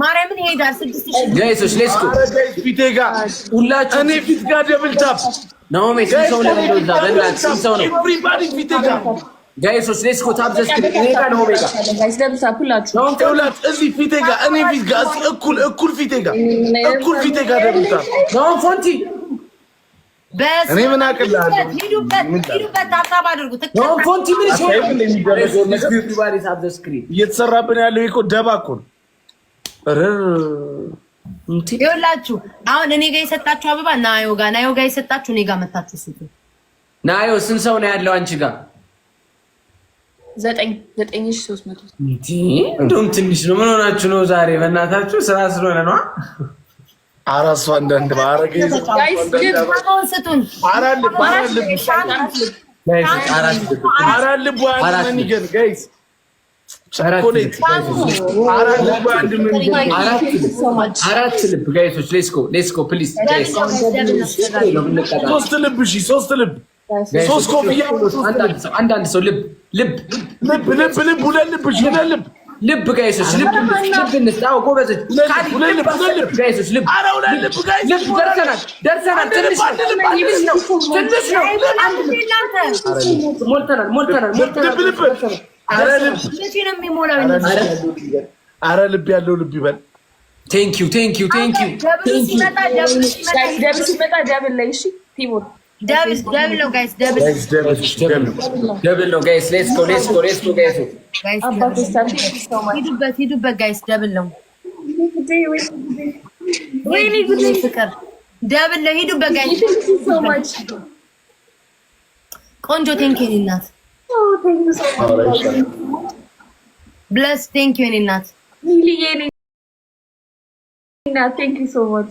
ማርያምን ይሄዳል። ስድስት ሺህ ፊቴ ጋር ሁላችሁ እኔ ፊት ጋር ደብል ታፕ ናሆሜ ስንት ሰው ነው ያለው? እዛ በእናትህ ስንት ሰው ነው? ጋይሶች ሌትስ ጎ ታፕ ዘስክ እኔ ጋር ናሆሜ ጋር እዚህ ፊቴ ጋር እኔ ፊት ጋር እዚህ እኩል እኩል ፊቴ ጋር እኩል ፊቴ ጋር ደብል ታፕ ናሆም ፎንቲ እኔ ምን አቅልሃለሁ? ሂዱበት፣ እየተሰራብን ያለው እኮ ደባ እኮ ይኸውላችሁ አሁን እኔ ጋ የሰጣችሁ አበባ ናዮ ጋ ናዮ ጋር የሰጣችሁ እኔ ጋር መታችሁ ስጡ። ናዮ ስንት ሰው ነው ያለው አንቺ ጋር? ዘጠኝ ሺህ ሦስት መቶ እንደውም ትንሽ ነው። ምን ሆናችሁ ነው ዛሬ? በእናታችሁ ስራ ስለሆነ ነዋ አራሱ አንዳንድ ማረግ አራት ልብ ጋይሶች፣ ሌስኮ ሌስኮ ፕሊስ፣ ሶስት ልብ እሺ፣ ሶስት ልብ ሶስት ኮፍያ፣ አንዳንድ ሰው ልብ ልብ ልብ ልብ ልብ፣ ሁለት ልብ እሺ፣ ሁለት ልብ ልብ ጋይሶች ልብ ልብ አዎ፣ ጎበዞች ጋይሶች ልብ ልብ ደርሰናል፣ ደርሰናል። ትንሽ ነው ትንሽ ነው። ሞልተናል፣ ሞልተናል፣ ሞልተናል። አረ ልብ ያለው ልብ ይበል። ቴንኪው፣ ቴንኪው፣ ቴንኪው። ደብል ሲመጣ ደብል ላይ እሺ Devil, devil, no, guys. Devil. Guys, devil, devil. Devil, no, guys. Let's go, let's go, let's go, guys. Guys, ሂዱበት፣ ah, ሂዱበት guys. ደብል ነው። ወይኔ ጉዴ ፍቅር ደብል ነው። ሂዱበት guys. much. Oh, Bless, thank you, ብለስ ቴንክ ዩ thank you so much.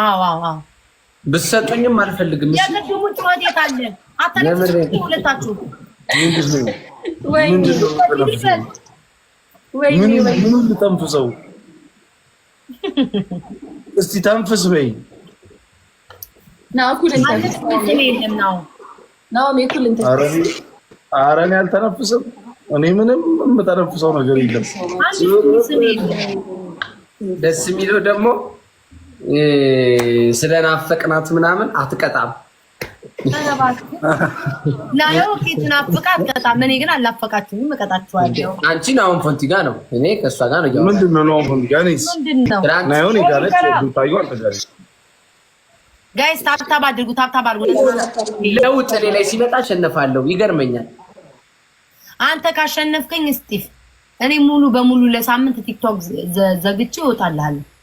Ah, wow, wow. ብሰጡኝም አልፈልግም። የግድቡ ጩኸት ሁለታችሁ። እስቲ ተንፍስ በይ። ኧረ አልተነፍስም። እኔ ምንም የምተነፍሰው ነገር የለም። ደስ የሚለው ደግሞ ስለናፈቅናት ምናምን አትቀጣም። ናየው ትናፍቃ አትቀጣም። እኔ ግን አላፈቃችሁም፣ እቀጣችኋለሁ። አንቺን አሁን ፎንቲ ጋር ነው፣ እኔ ከእሷ ጋር ነው። ምንድን ነው አሁን ፎንቲ ጋር ጋይስ ታብታብ አድርጉ፣ ታብታብ አድርጉ። ለውጥ እኔ ላይ ሲመጣ አሸነፋለሁ። ይገርመኛል። አንተ ካሸነፍከኝ እኔ ሙሉ በሙሉ ለሳምንት ቲክቶክ ዘግቼ እወጣልሃለሁ።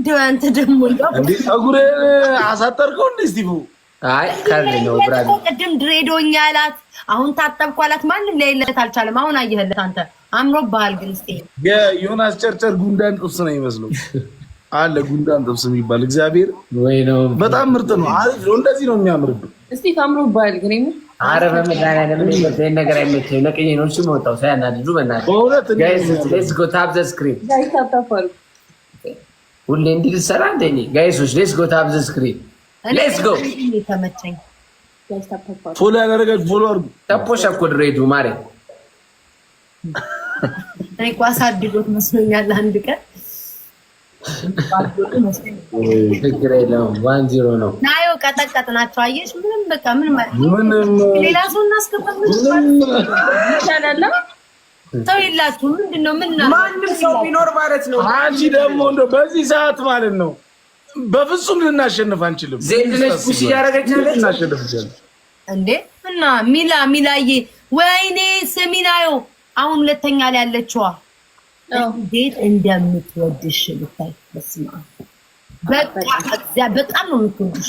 እንደው አንተ ደግሞ እንዴ ፀጉርህን አሳጠርከው እንዴ እስጢፉ። አይ ካርድ ነው ብራድ። ቅድም ድሬዶኛ አላት፣ አሁን ታጠብኩ አላት። ማንም ሊያይለት አልቻለም። አሁን አየህለት አንተ አምሮብሃል። ግን እስቲ የዮናስ ጨርጨር ጉንዳን ጥብስ ነው የሚመስለው አለ ጉንዳን ጥብስ የሚባል እግዚአብሔር ወይ ነው። በጣም ምርጥ ነው፣ አሪፍ ነው። እንደዚህ ነው የሚያምርብህ። እስቲ አምሮብሃል ግን ይሄ አረ በመድኃኒዓለም ይሄን ነገር አይመቸኝም። ለቅኝ ነው እሱ መውጣው ሳያናድዱ በእናትህ በእውነት ጋይስ ሌትስ ጎ ታፕ ዘ ስክሪን ጋይስ ሁሌ እንዲህ ልትሰራ እንደ እኔ ጋይሶች ሌስ ጎ ታብ ዘ ስክሪን ሌስ ጎ ፎሎ ያላደረጋችሁ ፎሎ አድርጉ። ተፖሽ እኮ ድሬዱ ማርያም እኔ እኮ አሳድጎት መስሎኛል። አንድ ቀን ችግር የለውም። ዋን ዚሮ ነው ናየው ቀጠቀጥ ናቸው። አየሽ ምንም በቃ ምንም ሌላ ሰው እናስገባ ምንም ሰው የላችሁ ምንድን ነው? ምን ማንም ሰው ቢኖር ማለት ነው። አንቺ ደግሞ እንደው በዚህ ሰዓት ማለት ነው በፍጹም ልናሸንፍ አንችልም። ዜድነሽ እንዴ? እና ሚላ ሚላዬ፣ ወይኔ ሰሚናዮ፣ አሁን ሁለተኛ ላይ ያለችዋ እንዴት እንደምትወድሽ ብታይ፣ በስመ በጣም ነው የምትወድሽ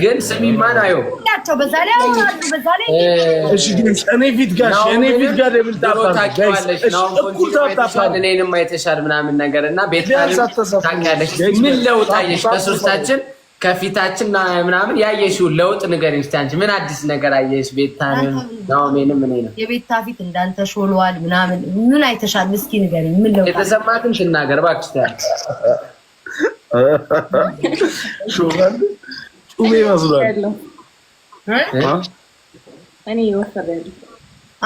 ግን ስሚ ማን አዩ ናቸው በዛ ላይ አውራሉ በዛ ላይ እሺ ግን እኔ ፊት ጋር እኔ ፊት ጋር ደብል ታፋለሽ ነው እኩል ታፋለሽ እኔንም አይተሻል ምናምን ነገር እና ቤት ታውቂያለሽ ምን ለውጥ አየሽ በሶስታችን ከፊታችን ምናምን ያየሽውን ለውጥ ንገሪኝ እስኪ አንቺ ምን አዲስ ነገር አየሽ ቤታንም ናሜንም እኔ ነው የቤታ ፊት እንዳንተ ሾሏል ምናምን ምን አይተሻል እስኪ ንገሪኝ ምን ለውጥ የተሰማትን ትናገር እባክሽ ሾሏል ጡብ ይመስላል። እኔ እወፍራለሁ።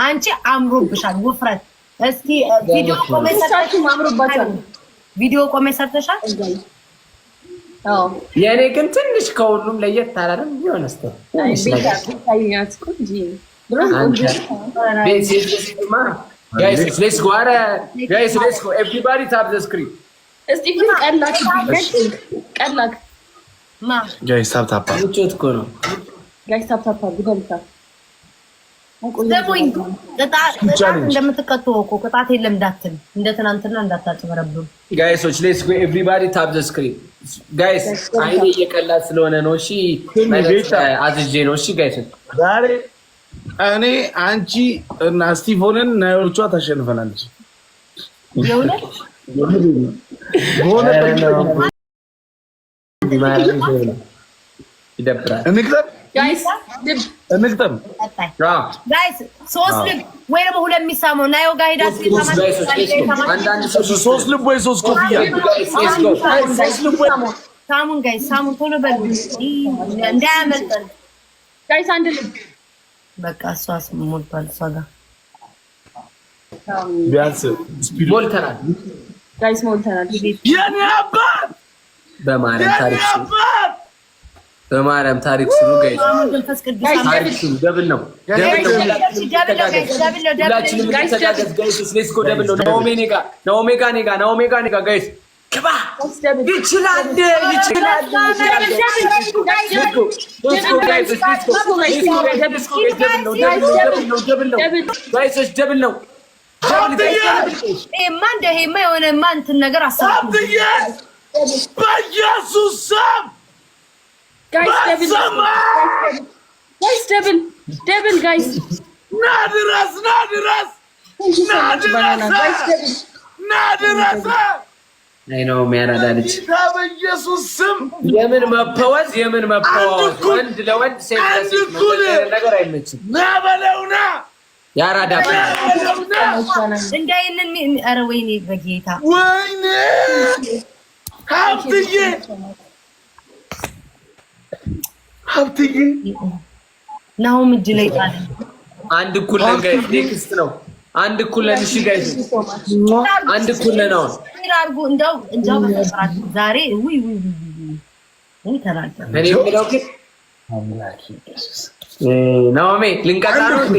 አንቺ አምሮብሻል። ውፍረት እስኪ ቪዲዮ ቆሜ ሰርተሻል? ቪዲዮ ቆሜ ሰርተሻል? የእኔ ግን ትንሽ ከሁሉም ለየት አላለም። ቢሆን እስኪ ቀላክ ቀላክ ጋሽ ታፕታፓ ጋሽ ታፕታፓ ስሙኝ፣ ቅጣት እንደምትቀጡ እኮ ቅጣት የለም እንዳትል፣ እንደ ትናንትና እንዳታጭበረብሩ። ጋይሶች ሌትስ ጎ ኤቭሪባዲ ታፕ ዘ ስክሪን ጋይስ። አይኔ እየቀላት ስለሆነ ነው። እሺ አዝዤ ነው። እሺ ጋይሶች ዛሬ እኔ አንቺ እና ስቲፎንን ናዮቿ ታሸንፈናለች ይደብራል። ቢያንስ ሞልተናል ጋይስ ሞልተናል የኔ አባት በማርያም ታሪክ ስሙ፣ በማርያም ታሪክ ስሙ። ታሪክ ደብል ነው፣ ደብል ነው። ሁላችንም እንተጋገዝ ጋይስ። ደብል ነው። ይችላል፣ ይችላል። ደብል ነው። ይሄማ እንደ የሆነ ማንትን ነገር አሰብኩ በኢየሱስ ስም ጋይስ፣ ደብል ደብል፣ ጋይስ ና ድረስ፣ ና ድረስ፣ ና ድረስ፣ ና ድረስ። አይ ነው የሚያናዳ ልጅ በኢየሱስ ስም። የምን መፈወዝ፣ የምን መፈወዝ! ወንድ ለወንድ ሴት ለሴት ነገር አይመችም። ና በለውና ያራዳ እንደ ይህንን ወይኔ በጌታ ወይኔ ሀብትዬ ሀብትዬ ናሁም እጅ ላይ ጣለ። አንድ እኩል ነን ጋይስ፣ ነው። አንድ እኩል ነን። እሺ ጋይስ፣ አንድ እኩል ነን። አሁን አድርጉ። እንደው እንደው በተሰራችሁ ዛሬ ውይ ውይ ውይ ተናገር። እኔ የምለው ግን ናሆሜ ልንቀጣ ነው እንዴ?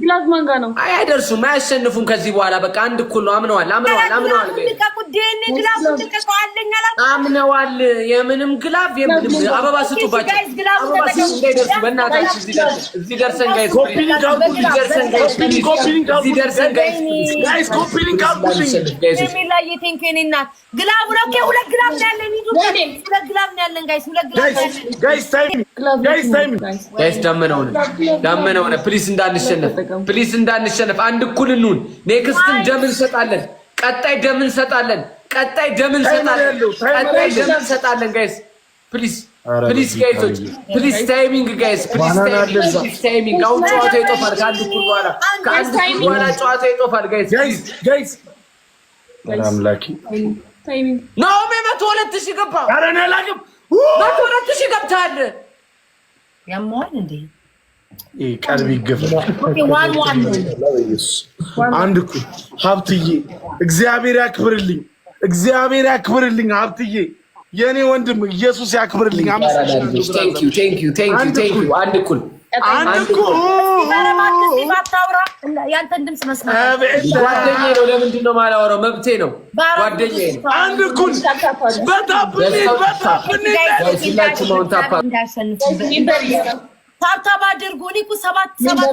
ብላዝ ማን ጋር ነው? አይ አይደርሱም፣ አያሸንፉም። ከዚህ በኋላ በቃ አንድ እኩል ነው። አምነዋል፣ አምነዋል፣ አምነዋል። ዲኤንኤ ግላቡ ትልቀቀዋለኝ አላት። አምነዋል። የምንም ግላብ የምንም አበባ ስጡባቸው። አበባ ስጡ እንዳይደርሱ እዚህ እዚህ ጋይስ፣ ኮፒሊንግ ግላቡ ነው ሁለት ግላብ ነው ያለን፣ ሁለት ግላብ ነው ያለን ጋይስ፣ ሁለት ግላብ ጋይስ። ፕሊስ እንዳንሸነፍ፣ ፕሊስ እንዳንሸነፍ። አንድ እኩል እንሁን። ኔክስትን ደም እንሰጣለን። ቀጣይ ደም እንሰጣለን። ቀጣይ ደም እንሰጣለን። ቀጣይ ደም እንሰጣለን። ጋይስ ፕሊዝ ፕሊዝ ጋይሶች ፕሊዝ ታይሚንግ ጋይስ ፕሊዝ ታይሚንግ። አሁን ጨዋታ ይጦፋል። ከአንድ እኩል በኋላ ከአንድ እኩል በኋላ ጨዋታ ይጦፋል። ጋይስ ናኦሜ መቶ ሁለት ሺህ ገባ። ኧረ እኔ አላውቅም። መቶ ሁለት ሺህ ገብተሃል። ያማዋል እንዴ ቀልብ ይገፋል። ዋን ዋን ነው አንድ እኩል ሀብትዬ፣ እግዚአብሔር ያክብርልኝ፣ እግዚአብሔር ያክብርልኝ ሀብትዬ፣ የእኔ ወንድም ኢየሱስ ያክብርልኝ። አንድ ለምንድን ነው የማላወራው? መብቴ ነው። ጓደኛዬ ነው። ታብታብ አድርጉ። እኔ እኮ ሰባት ሰባት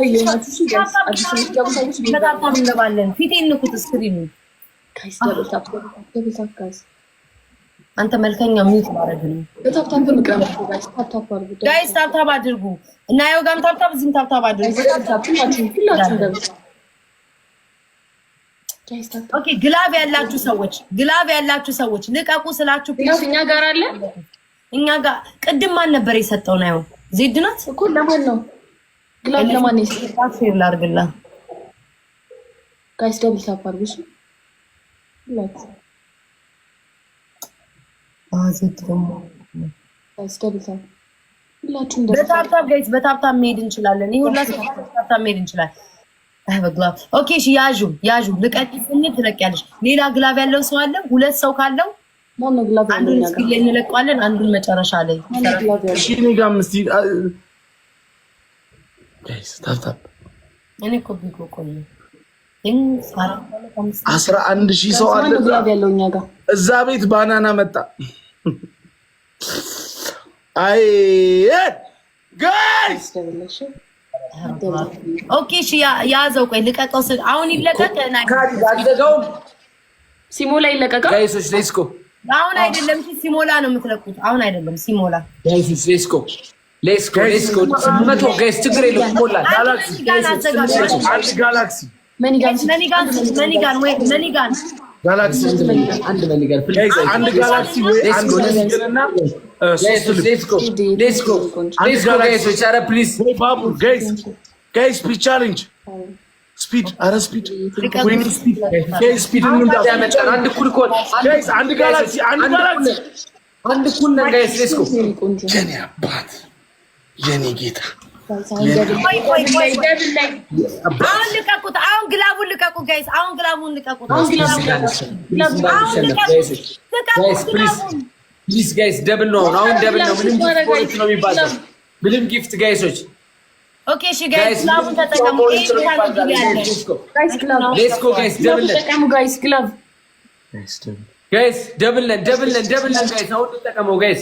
ፊቴን ንኩት እስክሪኑ። አንተ መልከኛ ሚት ማድረግ ነው። ጋይስ ታብታብ አድርጉ እና ያው ጋም ታብታብ እዚህም ታብታብ አድርጉ። ኦኬ ግላብ ያላችሁ ሰዎች ግላብ ያላችሁ ሰዎች ልቀቁ ስላችሁ እኛ ጋር አለ እኛ ጋር ቅድም ማን ነበር የሰጠው? ነው ዜድ ናት እኮ። ለማን ነው ግላ ለማን ነው የሰጣት? ሼር ላድርግላ ጋይስ፣ ደብል ታፕ አድርጉ። እሺ ላት አዜድ ደግሞ ጋይስ፣ ደብል ታፕ ሁላችሁም በታፕታፕ ጋይስ፣ በታፕታፕ መሄድ እንችላለን። ይሄ ሁላችሁም በታፕታፕ መሄድ እንችላለን። ኦኬ፣ እሺ ያዡ ያዡ፣ ልቀጥል ስንል ትለቂያለሽ። ሌላ ግላብ ያለው ሰው አለ? ሁለት ሰው ካለው አንዱን ላይ እንለቀዋለን፣ አንዱን መጨረሻ ላይ አስራ አንድ ሺህ ሰው አለ እዛ ቤት ባናና መጣ። አይ ጋይስ ኦኬ፣ እሺ ያዘው። ቆይ ልቀቀው። አሁን ይለቀቅ። ላይ ጋይሶች ሌትስ ጎ አሁን አይደለም ሲሞላ ነው የምትለቁት። አሁን አይደለም ሲሞላ ሌስኮ ሌስኮ ሌስኮ መቶ ጋይስ ችግር የለም ሞላ ጋላክሲ መኒጋን መኒጋን መኒጋን ወይ መኒጋን ጋላክሲ አንድ መኒጋን አንድ ጋላክሲ ወይ አንድ መኒጋንና ሌስኮ ሌስኮ ሌስኮ ጋይስ ቻራ ፕሊዝ ወይ ባቡር ጋይስ ስፒድ አረ ስፒድ ወይ ስፒድ ስፒድ አንድ እኩል እኮ አንድ ጋላክሲ አንድ ጋላክሲ አንድ እኩል ነን ጋይስ የኔ አባት የኔ ጌታ አሁን ግላቡን ልቀቁ ጋይስ አሁን ግላቡን ጋይስ ደብል ነው አሁን ደብል ነው ምንም ጊፍት ነው የሚባለው ምንም ጊፍት ጋይሶች ጋይስ ደብል ነን ደብል ነን ደብል ነን ጋይስ አሁን ተጠቀመው ጋይስ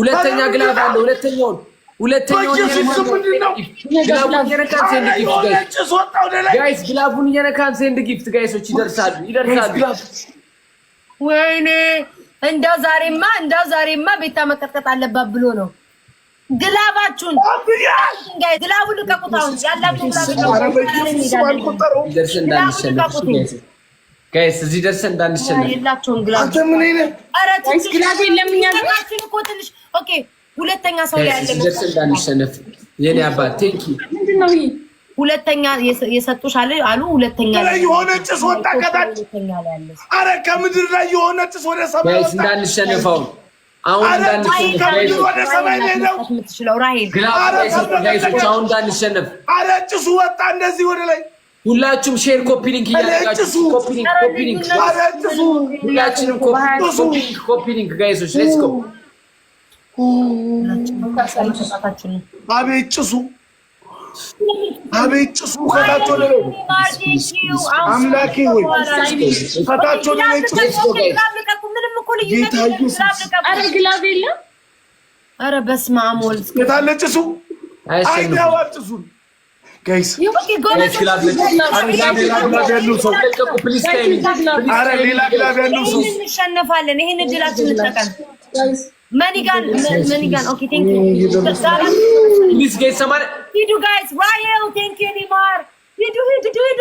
ሁለተኛ ግላብ አለ። ሁለተኛውን ሁለተኛውን ጋይስ ግላቡን እየነካን ሴንድ ጊፍት ጋይሶች ይደርሳሉ ይደርሳሉ። ወይኔ እንዳ ዛሬማ እንዳ ዛሬማ ቤታ መቀጥቀጥ አለባት ብሎ ነው። ግላባችሁን ግላቡን ልቀቁት። አሁን ያላችሁ ግላብ ልቀቁት። ጋይስ እዚህ ደርሰን እንዳንሸነፍ የላቸውም። ግላንት ምን አይነት ኧረ ትንሽ ግላንት የለምኛችን እኮ ትንሽ ኦኬ። ሁለተኛ ሰው ላይ ያለ ደርሰን እንዳንሸነፍ የኔ አባት ቴንኪ ምንድን ነው ይሄ? ሁለተኛ የሰጡሽ አለ አሉ። ሁለተኛ የሆነ ጭስ ወጣ ከታች። ኧረ ከምድር ላይ የሆነ ጭስ ወደ ሰማይ ወጣ። እንዳንሸነፈው አሁን እንዳንሸነፍ ወደ አሁን እንዳንሸነፍ። ኧረ ጭሱ ወጣ እንደዚህ ወደ ላይ ሁላችሁም ሼር ኮፒ ሊንክ እያደረጋችሁ ኮፒ ሊንክ ኮፒ ሊንክ ሁላችንም ኮፒ ሊንክ ጋይሶች ሌትስ ጎ። አቤት ጭሱ! አቤት ጭሱ! ከታች ወደ አምላኬ ወይ ከታች ወደ ጭሱ! ጌታ ኢየሱስ! ግላብ የለም! ኧረ በስመ አብ ወልድ! የት አለ ጭሱ? አይደዋ ጭሱን እንሸነፋለን። ይሄን እድላችን እንጠቀም። መኒጋን መኒጋን ኦኬ ቴንክ ዩ ጋይስ ሰማር ሂዱ ጋይስ ቴንክ ዩ ኒማር ሂዱ ሂዱ ሂዱ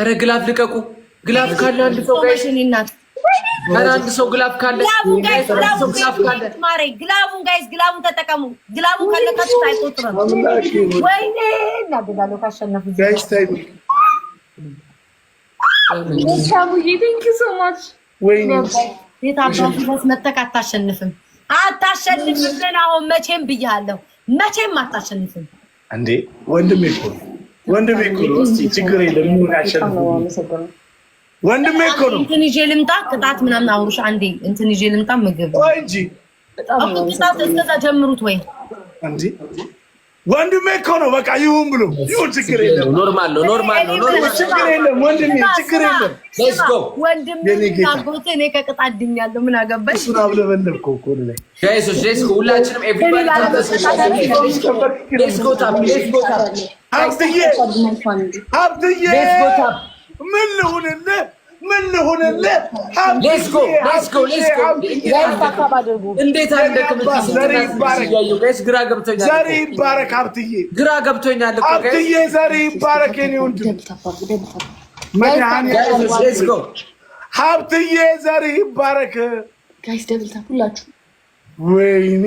ኧረ ልቀቁ ካለ አንድ ሰው ጋይስ እናት አንድ ሰው ግላብ ካለ ግላቡን ጋይዝ ግላቡን ተጠቀሙ። ግላቡ ካለካችሁ አይቆጥርም። ወይኔ አታሸንፍም፣ አታሸንፍም። ግን አሁን መቼም ብያለሁ፣ መቼም አታሸንፍም። እንዴ ወንድሜ እኮ ወንድሜ እኮ ችግር የለም ወንድሜ እኮ ነው። እንትን ይዤ ልምጣ ቅጣት ምናምን አውሩሽ አንዴ እንትን ይዤ ልምጣ ምግብ እንጂ ቅጣት እስከዛ ጀምሩት ወይ እንጂ ወንድሜ እኮ ነው። በቃ ይሁን ብሎ ይሁን፣ ችግር የለም። ኖርማል ነው፣ ኖርማል ነው፣ ኖርማል ችግር የለም። ወንድሜ ችግር የለም። ሌትስ ጎ ወንድሜ። ታጎት እኔ ከቅጣት አድኛለሁ። ምን አገባሽ? ሱራ ብለበለብኩ እኮ ነው። ጋይሶች ሌትስ ጎ ሁላችንም፣ ኤቭሪባዲ ሌትስ ጎ ታፕ፣ ሌትስ ጎ ታፕ፣ ሀብትዬ ሀብትዬ ሌትስ ጎ ታፕ ምን ልሁንልህ? ምን ልሁንልህ? ግራ ገብቶኛል። ዘር ይባረክ ሀብትዬ፣ ግራ ገብቶኛል ሀብትዬ፣ ዘር ይባረክ የኔ ወንድም ሀብትዬ፣ ዘር ይባረክ። ወይኔ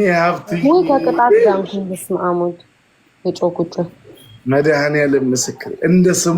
ሀብትዬ፣ ምስክር እንደ ስሙ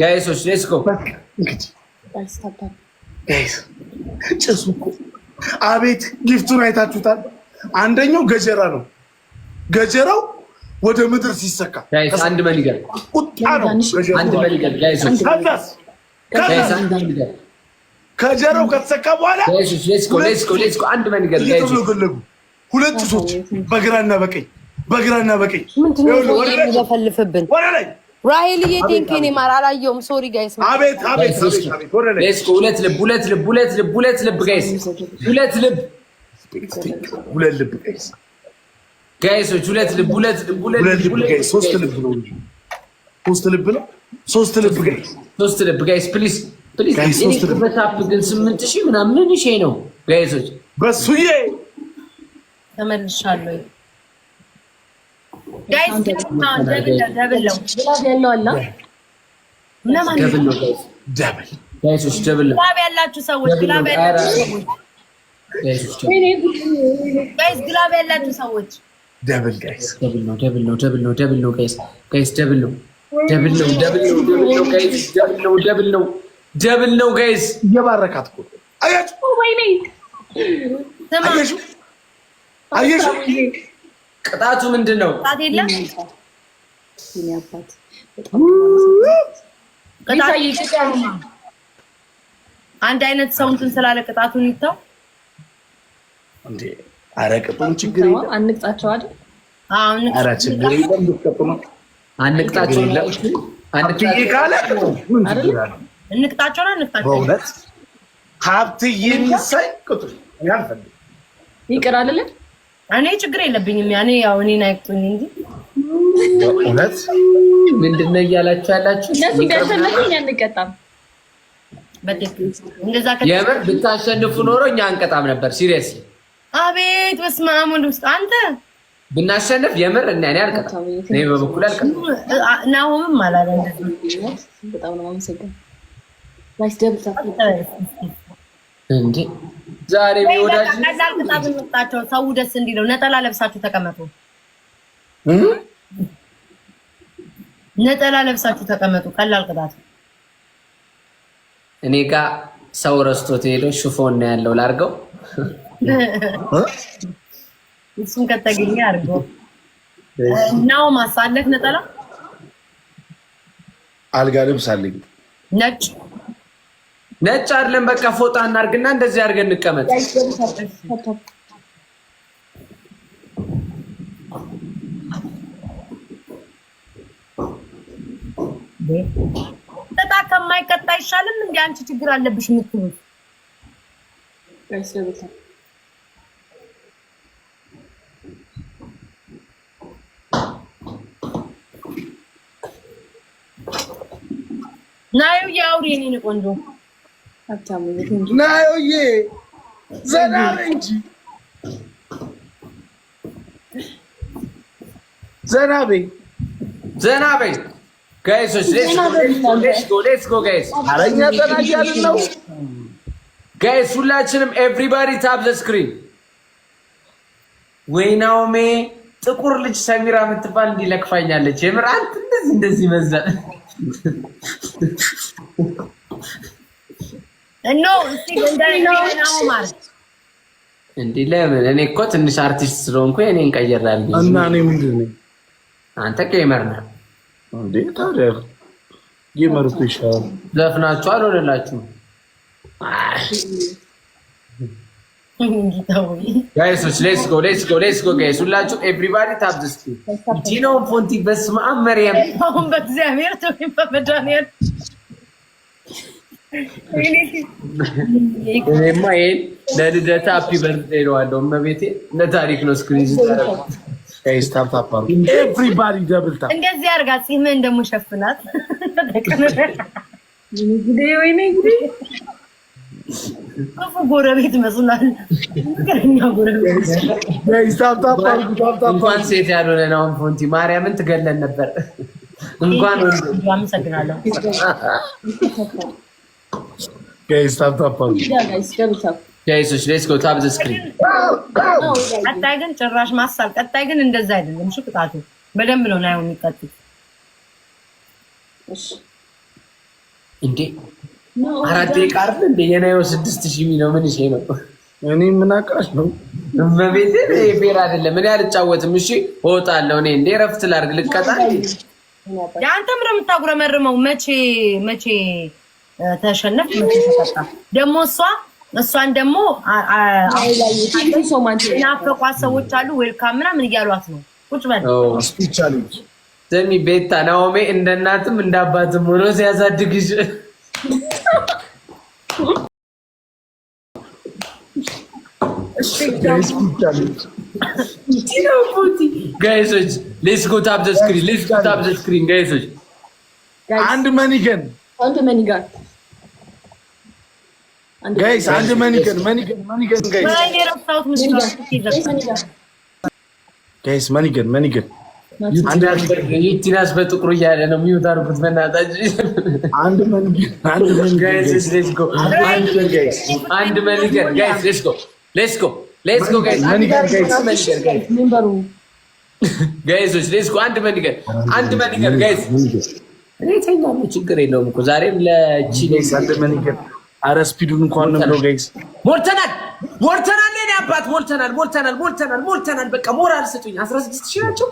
ጋይሶች ሌትስ ጭሱ እኮ አቤት! ጊፍቱን አይታችሁታል? አንደኛው ገጀራ ነው። ገጀራው ወደ ምድር ሲሰካ አንድ መንገድ ቁጣ ነው። ገጀራው ከተሰካ በኋላ ሁለት ሶች በግራና በቀኝ በግራና በቀኝ ወደ ላይ ራሄልዬ ቴንኬን ይማር አላየውም። ሶሪ ጋይስ። አቤት አቤት አቤት። ሁለት ልብ ሁለት ልብ ሁለት ልብ ሁለት ልብ ጋይስ፣ ሁለት ልብ ሁለት ልብ ጋይስ፣ ጋይሶች ሁለት ልብ ሁለት ልብ ሁለት ልብ ጋይስ። ሶስት ልብ ነው ሶስት ልብ ነው። ሶስት ልብ ጋይስ፣ ሶስት ልብ ጋይስ። ፕሊዝ ፕሊዝ። እኔ በታፕ ግን ስምንት ሺህ ምናምን ሼ ነው ጋይሶች። በሱዬ ተመልሻለሁ። ያላችሁ ሰዎች ግላብ ያላችሁ ሰዎች ደብል ጋይስ ደብል ነው ደብል ደብል ነው ደብል ነው ጋይስ እየባረካት አያችሁ አያችሁ ቅጣቱ ምንድን ነው? አንድ አይነት ሰው እንትን ስላለ ቅጣቱን ይተው። ኧረ ቅጡን ችግር የለም አንቅጣቸው አይደል? ኧረ ችግር የለም ብትቀጡ ነው አንቅጣቸው ካለ እንቅጣቸው አንቅጣቸው። እንቅጣቸው። በእውነት ሀብትዬ የሚሳይ ቅጡ ይቅር አይደለም እኔ ችግር የለብኝም። ያኔ ያው እኔን አይቁኝ እንጂ እውነት ምንድን ነው እያላችሁ ያላችሁ እነሱ ቢያሸንፉኝ አንቀጣም። የምር ብታሸንፉ ኖሮ እኛ አንቀጣም ነበር። ሲሪየስ አቤት በስመ አብ ወልድ ውስጥ አንተ ብናሸንፍ የምር እና እኔ አልቀጣም። እኔ በበኩል አልቀጣም። ናሆምም አላለ በጣም ነው እንዴ ዛሬ ወዳጅ ነው። ሰው ደስ እንዲለው ነጠላ ለብሳችሁ ተቀመጡ። ነጠላ ለብሳችሁ ተቀመጡ። ቀላል ቅጣት። እኔ ጋ ሰው ረስቶት ሄደው ሽፎን ነው ያለው። ላርገው እሱን ከተገኘ አርገው። ነው ማሳለክ ነጠላ አልጋ ልብስ አለኝ ነጭ ነጭ አይደለም። በቃ ፎጣ እናርግና እንደዚህ አድርገን እንቀመጥ። ቅጣ ከማይቀጣ አይሻልም? እንደ አንቺ ችግር አለብሽ የምትሉት ናዩ የአውሬ የእኔን ቆንጆ ናዬ ዘና እንጂ ዘና በይ ዘና በይ። ጋይሶች እኛ ዘና እያልን ነው። ጋይስ ሁላችንም ኤቭሪባዲ ታፕ ዘ ስክሪን። ወይናውሜ ጥቁር ልጅ ሰሚራ የምትባል እንዲህ ለክፋኛለች። የምር አንተ እንደዚህ እንደዚህ እንዲ ለምን እኔ እኮ ትንሽ አርቲስት ስለሆንኩ እኔ እንቀየራል እና እኔ ምንድን ነኝ? አንተ ጌመር ነህ እንዴ? ታዲያ ጌመር እኮ ይሻላል። ዘፍናችሁ አልሆነላችሁም? ጋይሶች ሌትስ ጎ ሌትስ ጎ ሌትስ ጎ ጋይስ፣ ሁላችሁ ኤቭሪባዲ ታፕ ዘ ፎንቲ በስመ አብ መርያም፣ አሁን በእግዚአብሔር ተወኝ በመድኃኒዓለም እኔማ ይሄን ለልደታ ሃፒ በርዝዴ እለዋለሁ። እመቤቴ ለታሪክ ነው። ስክሪን ኤቭሪባዲ ደብል ታፕ እንደዚህ አድርጋ ፂምህን ደግሞ ሸፍናት። ክፉ ጎረቤት መስላል። እንኳን ሴት ያልሆነ ነው። አሁን ፎንቲ ማርያምን ትገለን ነበር። እንኳን አመሰግናለሁ። Guys, tap tap on. Yeah, guys, double tap. Guys, let's ቀጣይ ግን ጭራሽ ማሳል ቀጣይ ግን እንደዛ አይደለም። እሺ ቅጣቱ በደንብ ነው ናየው የሚቀጥል። እንዴ አራት ደቂቃ አይደል እንዴ? የናየው ስድስት ሺህ የሚለው ምን ይሄ ነው? እኔ ምን አውቃሽ ነው በቤት ፌር አይደለም። እኔ አልጫወትም። እሺ እወጣለሁ። እኔ እንዴ ረፍት ላድርግ ልቀጣ። አንተም ነው የምታጉረመርመው መቼ መቼ ተሸነፍ ተሰጣ። ደግሞ እሷ እሷን ደግሞ ናፈቋት ሰዎች አሉ ዌልካም ምናምን እያሏት ነው። ቁጭ በል ስሚ ቤታ ናኦሜ እንደ እናትም እንደ አባትም ሆኖ ሲያሳድግሽ ጋይሶች ሌስ ጎ ታፕ ዘ ስክሪን ሌስ ጎ ታፕ ዘ ስክሪን ጋይሶች አንድ መኒገን አንተ መኒጋር ጋይስ አንድ መኒገን መኒገን መኒገን ጋይስ መኒገን መኒገን ዩቲናስ በጥቁሩ እያለ ነው የሚወጣ አድርጉት። በእናታችሁ አንድ መኒገን አንድ መኒገን ጋይስ ሌትስ ጎ አንድ መኒገን ጋይስ ሌትስ ጎ ሌትስ ጎ ሌትስ ጎ ጋይስ መኒገን ጋይስ ጋይስ ሌትስ ጎ አንድ መኒገን አንድ መኒገን ጋይስ እኔ ችግር የለውም እኮ ዛሬም ለቺ አረ ስፒዱን እንኳን ነው ጋይስ ሞልተናል ሞልተናል ለኔ አባት ሞልተናል ሞልተናል ሞልተናል ሞልተናል በቃ ሞራል ስጡኝ 16 ሺህ ናቸው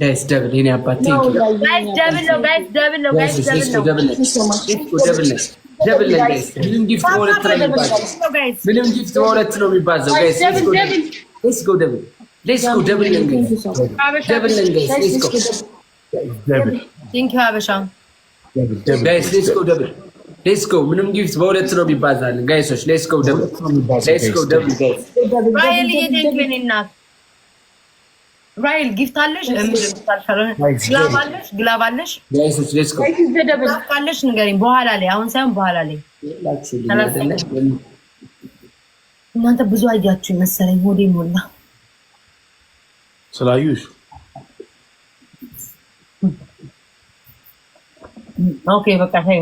ጋይስ ደብል የኔ አባት ቴንክ ዩ ጋይስ ደብል ነው ጋይስ ደብል ነው ደብል ነው ደብል ነው ደብል ነው ነው ምንም ጊፍት በሁለት ነው የሚባዘው ጋይስ ሌትስ ጎ ደብል ሌስኮ ምንም ጊፍት በሁለት ነው የሚባዛልን። ጋይሶች ሌስኮ ራይል በኋላ ላይ አሁን ሳይሆን በኋላ ላይ እናንተ ብዙ አያችሁ መሰለኝ ሆዴ ሞላ። ስላዩሽ ኦኬ በቃ ታዩ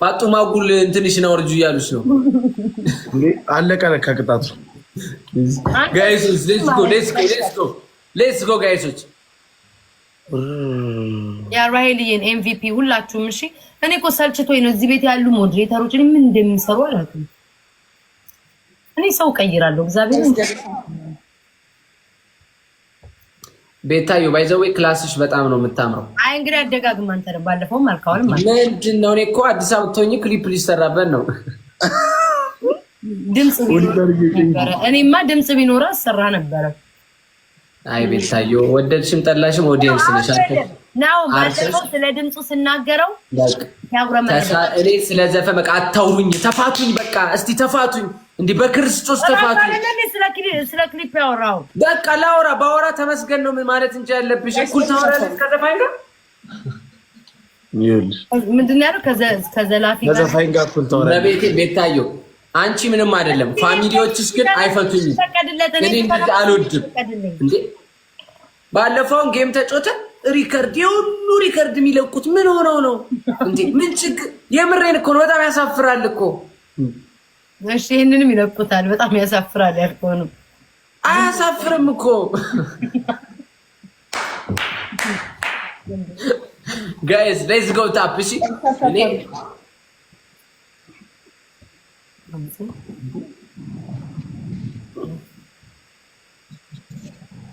ፋጡማ ጉል እንትንሽ ነው ልጁ እያሉሽ ነው። አለቀ ለካ ቅጣቱ። ጋይሶች ጋይሶች ያ ኤምቪፒ ሁላችሁም። እሺ እኔ እኮ ሰልችቶኝ ነው እዚህ ቤት ያሉ ሞዴሬተሮች ምን እንደሚሰሩ አላውቅም። እኔ ሰው ቀይራለሁ። እግዚአብሔር ቤታዮ ባይዘዌ ክላስሽ በጣም ነው የምታምረው። አይ እንግዲህ አደጋግም አንተ ባለፈው አልካዋል ማለት ምንድን ነው? እኔ እኮ አዲስ አበባ ብትሆኝ ክሊፕ ሊሰራበት ነው። ድምፅ ነበረ። እኔማ ድምፅ ቢኖረ አሰራ ነበረ። አይ ቤታዮ ወደድሽም ጠላሽም ኦዲየንስ ነሻ ናው ስለ ድምፁ ስናገረው እኔ ስለ ዘፈን ተፋቱኝ፣ በቃ እስቲ ተፋቱኝ፣ እንዲህ በክርስቶስ ተፋቱኝ። ስለ ክሊፕ ያወራው በቃ ተመስገን ነው ማለት እንጂ ያለብሽ እኩል ታወራለች ከዘፋኝ ጋር ከዘላፊ አንቺ ምንም አይደለም። ፋሚሊዎችሽ ግን አይፈቱኝም። እኔ እንዲህ አልወድም። ባለፈውን ጌም ተጮተን ሪከርድ የሁሉ ሪከርድ የሚለቁት ምን ሆነው ነው እንዴ? ምን ችግር? የምሬን እኮ ነው። በጣም ያሳፍራል እኮ። እሺ ይህንንም ይለቁታል። በጣም ያሳፍራል ያልከው ነው። አያሳፍርም እኮ ጋይስ ሌትስ ጎ ታፕ እሺ